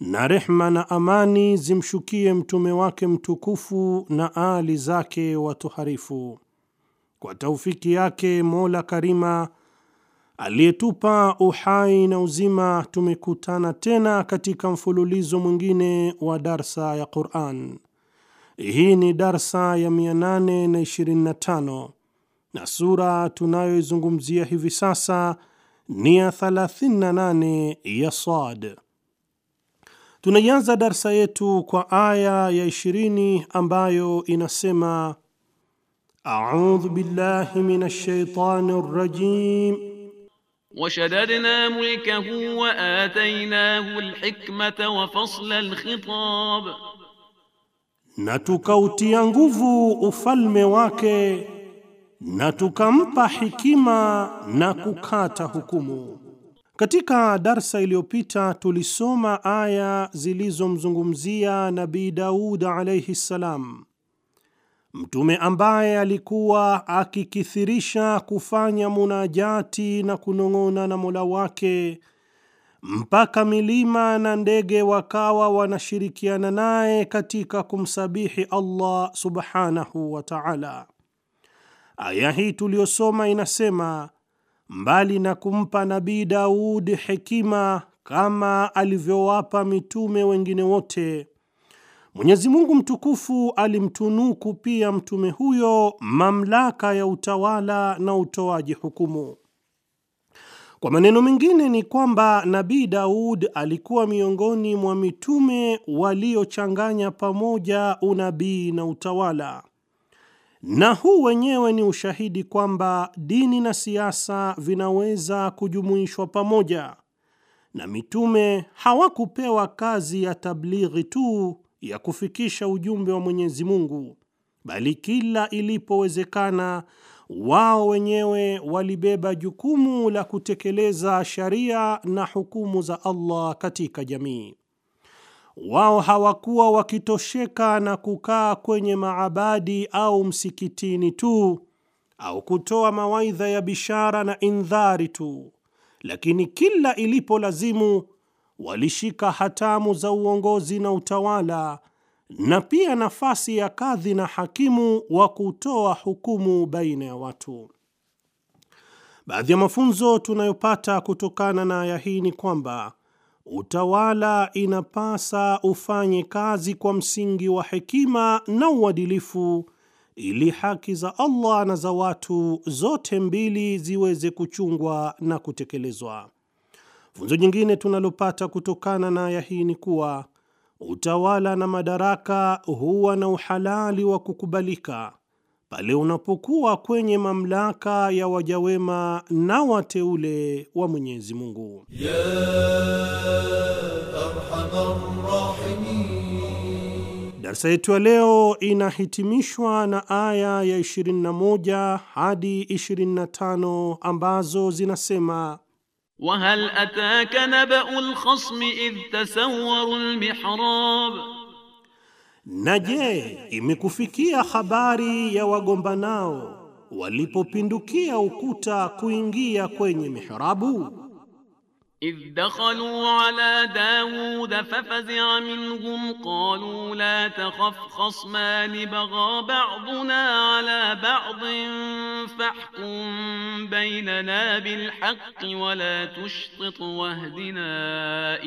na rehma na amani zimshukie mtume wake mtukufu na aali zake watoharifu. Kwa taufiki yake Mola Karima aliyetupa uhai na uzima, tumekutana tena katika mfululizo mwingine wa darsa ya Quran. Hii ni darsa ya 825 na sura tunayoizungumzia hivi sasa ni ya 38 ya Sad. Tunaianza darsa yetu kwa aya ya 20 ambayo inasema: audhu billahi minash shaitani rrajim washadadna mulkahu wa atainahu alhikmata wa fasla alkhitab, na tukautia nguvu ufalme wake na tukampa hikima na kukata hukumu katika darsa iliyopita tulisoma aya zilizomzungumzia Nabii Daud alaihi ssalam, mtume ambaye alikuwa akikithirisha kufanya munajati na kunong'ona na mola wake mpaka milima na ndege wakawa wanashirikiana naye katika kumsabihi Allah subhanahu wa taala. Aya hii tuliyosoma inasema mbali na kumpa Nabii Daud hekima kama alivyowapa mitume wengine wote, Mwenyezi Mungu mtukufu alimtunuku pia mtume huyo mamlaka ya utawala na utoaji hukumu. Kwa maneno mengine ni kwamba Nabii Daud alikuwa miongoni mwa mitume waliochanganya pamoja unabii na utawala na huu wenyewe ni ushahidi kwamba dini na siasa vinaweza kujumuishwa pamoja, na mitume hawakupewa kazi ya tablighi tu ya kufikisha ujumbe wa Mwenyezi Mungu, bali kila ilipowezekana wao wenyewe walibeba jukumu la kutekeleza sharia na hukumu za Allah katika jamii wao hawakuwa wakitosheka na kukaa kwenye maabadi au msikitini tu au kutoa mawaidha ya bishara na indhari tu, lakini kila ilipo lazimu walishika hatamu za uongozi na utawala na pia nafasi ya kadhi na hakimu wa kutoa hukumu baina ya watu. Baadhi ya mafunzo tunayopata kutokana na aya hii ni kwamba utawala inapasa ufanye kazi kwa msingi wa hekima na uadilifu ili haki za Allah na za watu zote mbili ziweze kuchungwa na kutekelezwa. Funzo nyingine tunalopata kutokana na aya hii ni kuwa utawala na madaraka huwa na uhalali wa kukubalika pale unapokuwa kwenye mamlaka ya wajawema na wateule wa Mwenyezi Mungu Darsa yetu ya leo inahitimishwa na aya ya 21 hadi 25 ambazo zinasema wahal ataka naba'ul khasmi idh tasawwaru al Na je, imekufikia habari ya wagombanao walipopindukia ukuta kuingia kwenye mihrabu? إذ دخلوا على داود ففزع منهم قالوا لا تخف خصمان بغى بعضنا على بعض فاحكم بيننا بالحق ولا تشطط واهدنا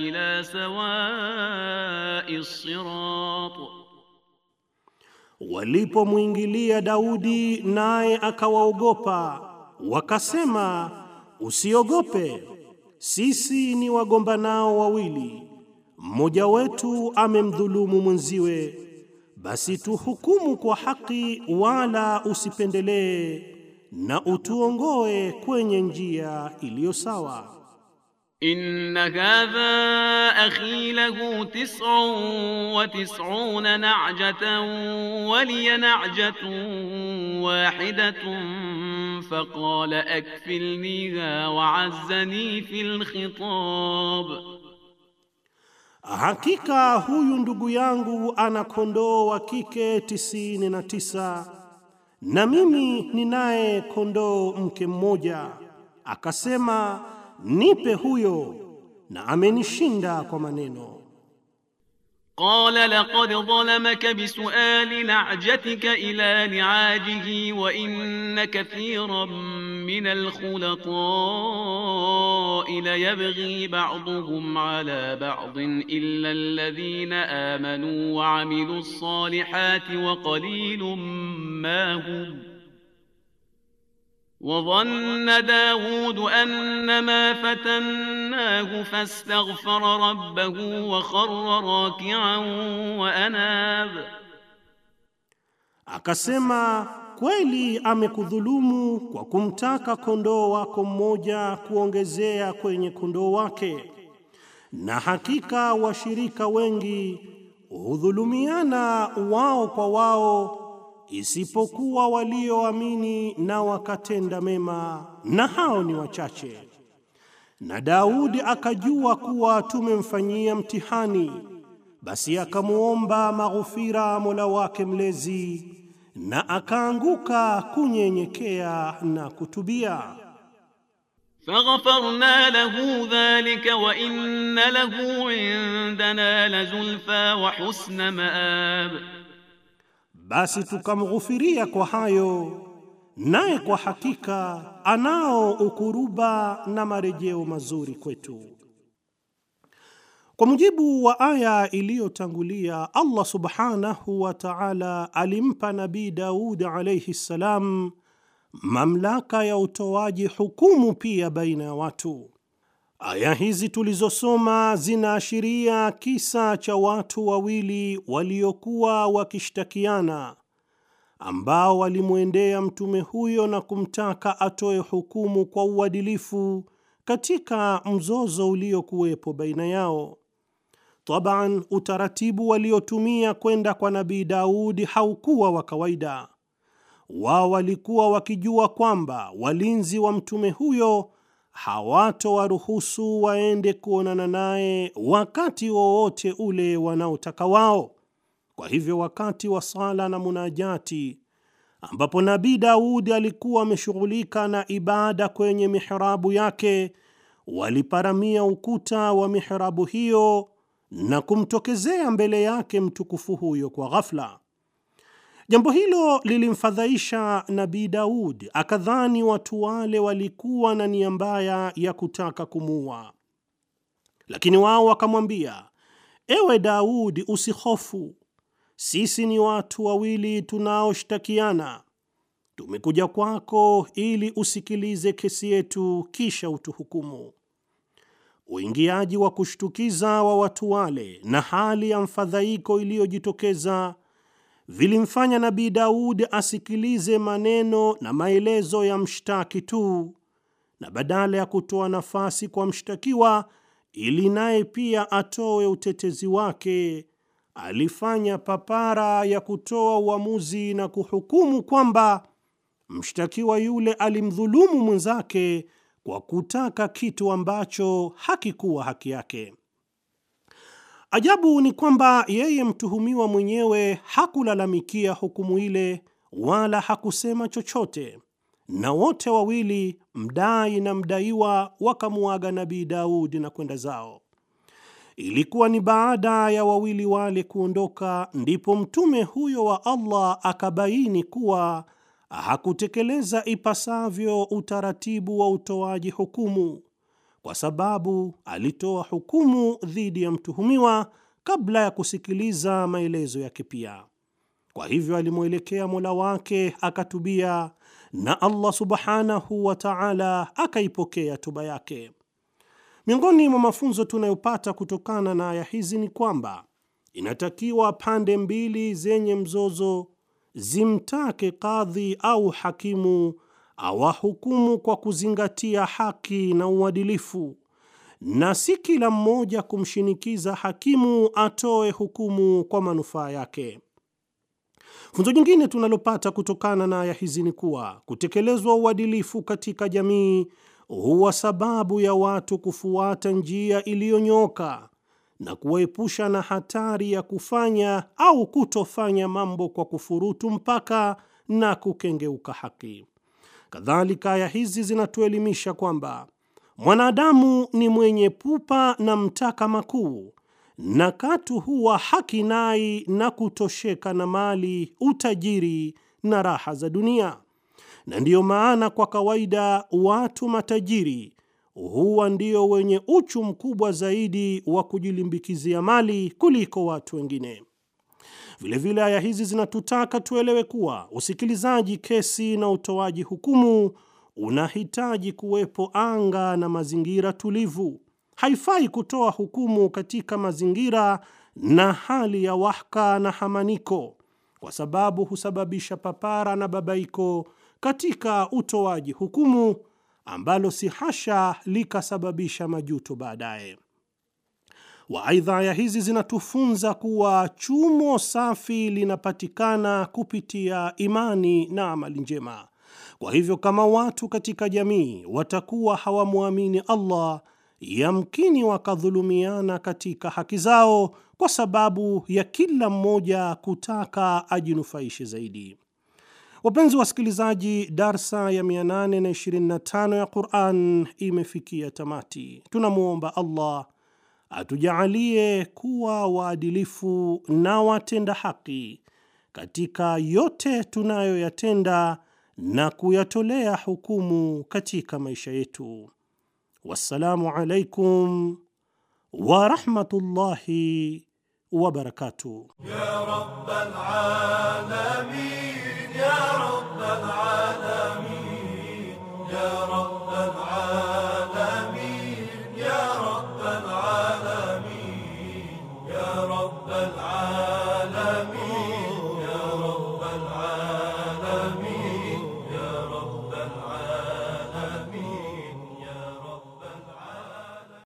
إلى سواء الصراط Walipomwingilia Daudi naye akawaogopa, wakasema, usiogope, sisi ni wagomba nao wawili, mmoja wetu amemdhulumu mwenziwe, basi tuhukumu kwa haki, wala usipendelee, na utuongoe kwenye njia iliyo sawa. Inna hadha akhi lahu tis'un wa tis'una na'jatan wa liya na'jatun wahidatun faqala akfilniha wa 'azzani fil khitab, hakika huyu ndugu yangu ana kondoo wa kike tisini na tisa na mimi ninaye kondoo mke mmoja. Akasema nipe huyo, na amenishinda kwa maneno. قال لقد ظلمك بسؤال نعجتك إلى نعاجه وإن كثيرا من الخلطاء ليبغي بعضهم على بعض إلا الذين آمنوا وعملوا الصالحات وقليل ما هم وظن داود أن ما فتناه فاستغفر ربه وخر راكعا وأناب Akasema kweli amekudhulumu kwa kumtaka kondoo wako mmoja kuongezea kwenye kondoo wake, na hakika washirika wengi hudhulumiana wao kwa wao isipokuwa walioamini na wakatenda mema, na hao ni wachache. Na Daudi akajua kuwa tumemfanyia mtihani, basi akamwomba maghufira Mola wake mlezi, na akaanguka kunyenyekea na kutubia. Faghfarna lahu dhalika wa inna lahu indana lazulfa wa husna maab basi tukamghufiria kwa hayo, naye kwa hakika anao ukuruba na marejeo mazuri kwetu. Kwa mujibu wa aya iliyotangulia, Allah subhanahu wa ta'ala alimpa Nabii Daud alayhi ssalam mamlaka ya utoaji hukumu pia baina ya watu Aya hizi tulizosoma zinaashiria kisa cha watu wawili waliokuwa wakishtakiana ambao walimwendea mtume huyo na kumtaka atoe hukumu kwa uadilifu katika mzozo uliokuwepo baina yao. Taban, utaratibu waliotumia kwenda kwa Nabii Daudi haukuwa wa kawaida. Wao walikuwa wakijua kwamba walinzi wa mtume huyo hawatowaruhusu waende kuonana naye wakati wowote ule wanaotaka wao. Kwa hivyo, wakati wa sala na munajati ambapo Nabii Daudi alikuwa ameshughulika na ibada kwenye mihrabu yake, waliparamia ukuta wa mihrabu hiyo na kumtokezea mbele yake mtukufu huyo kwa ghafla. Jambo hilo lilimfadhaisha Nabii Daudi, akadhani watu wale walikuwa na nia mbaya ya kutaka kumuua, lakini wao wakamwambia, ewe Daudi, usihofu, sisi ni watu wawili tunaoshtakiana. Tumekuja kwako ili usikilize kesi yetu, kisha utuhukumu. Uingiaji wa kushtukiza wa watu wale na hali ya mfadhaiko iliyojitokeza vilimfanya Nabii Daudi asikilize maneno na maelezo ya mshtaki tu, na badala ya kutoa nafasi kwa mshtakiwa ili naye pia atoe utetezi wake, alifanya papara ya kutoa uamuzi na kuhukumu kwamba mshtakiwa yule alimdhulumu mwenzake kwa kutaka kitu ambacho hakikuwa haki yake. Ajabu ni kwamba yeye mtuhumiwa mwenyewe hakulalamikia hukumu ile wala hakusema chochote, na wote wawili mdai na mdaiwa wakamuaga Nabii Daudi na kwenda zao. Ilikuwa ni baada ya wawili wale kuondoka, ndipo mtume huyo wa Allah akabaini kuwa hakutekeleza ipasavyo utaratibu wa utoaji hukumu kwa sababu alitoa hukumu dhidi ya mtuhumiwa kabla ya kusikiliza maelezo yake pia. Kwa hivyo alimwelekea Mola wake akatubia, na Allah subhanahu wa ta'ala akaipokea toba yake. Miongoni mwa mafunzo tunayopata kutokana na aya hizi ni kwamba inatakiwa pande mbili zenye mzozo zimtake kadhi au hakimu awahukumu kwa kuzingatia haki na uadilifu, na si kila mmoja kumshinikiza hakimu atoe hukumu kwa manufaa yake. Funzo jingine tunalopata kutokana na aya hizi ni kuwa kutekelezwa uadilifu katika jamii huwa sababu ya watu kufuata njia iliyonyoka na kuwaepusha na hatari ya kufanya au kutofanya mambo kwa kufurutu mpaka na kukengeuka haki. Kadhalika, aya hizi zinatuelimisha kwamba mwanadamu ni mwenye pupa na mtaka makuu, na katu huwa hakinai na kutosheka na mali, utajiri na raha za dunia, na ndiyo maana kwa kawaida watu matajiri huwa ndio wenye uchu mkubwa zaidi wa kujilimbikizia mali kuliko watu wengine. Vilevile aya hizi zinatutaka tuelewe kuwa usikilizaji kesi na utoaji hukumu unahitaji kuwepo anga na mazingira tulivu. Haifai kutoa hukumu katika mazingira na hali ya wahaka na hamaniko, kwa sababu husababisha papara na babaiko katika utoaji hukumu, ambalo si hasha likasababisha majuto baadaye aidha, aya hizi zinatufunza kuwa chumo safi linapatikana kupitia imani na amali njema. Kwa hivyo, kama watu katika jamii watakuwa hawamwamini Allah, yamkini wakadhulumiana katika haki zao kwa sababu ya kila mmoja kutaka ajinufaishe zaidi. Wapenzi wasikilizaji, darsa ya 825 ya Quran imefikia tamati. Tunamwomba Allah atujaalie kuwa waadilifu na watenda haki katika yote tunayoyatenda na kuyatolea hukumu katika maisha yetu. Wassalamu alaikum warahmatullahi wabarakatuh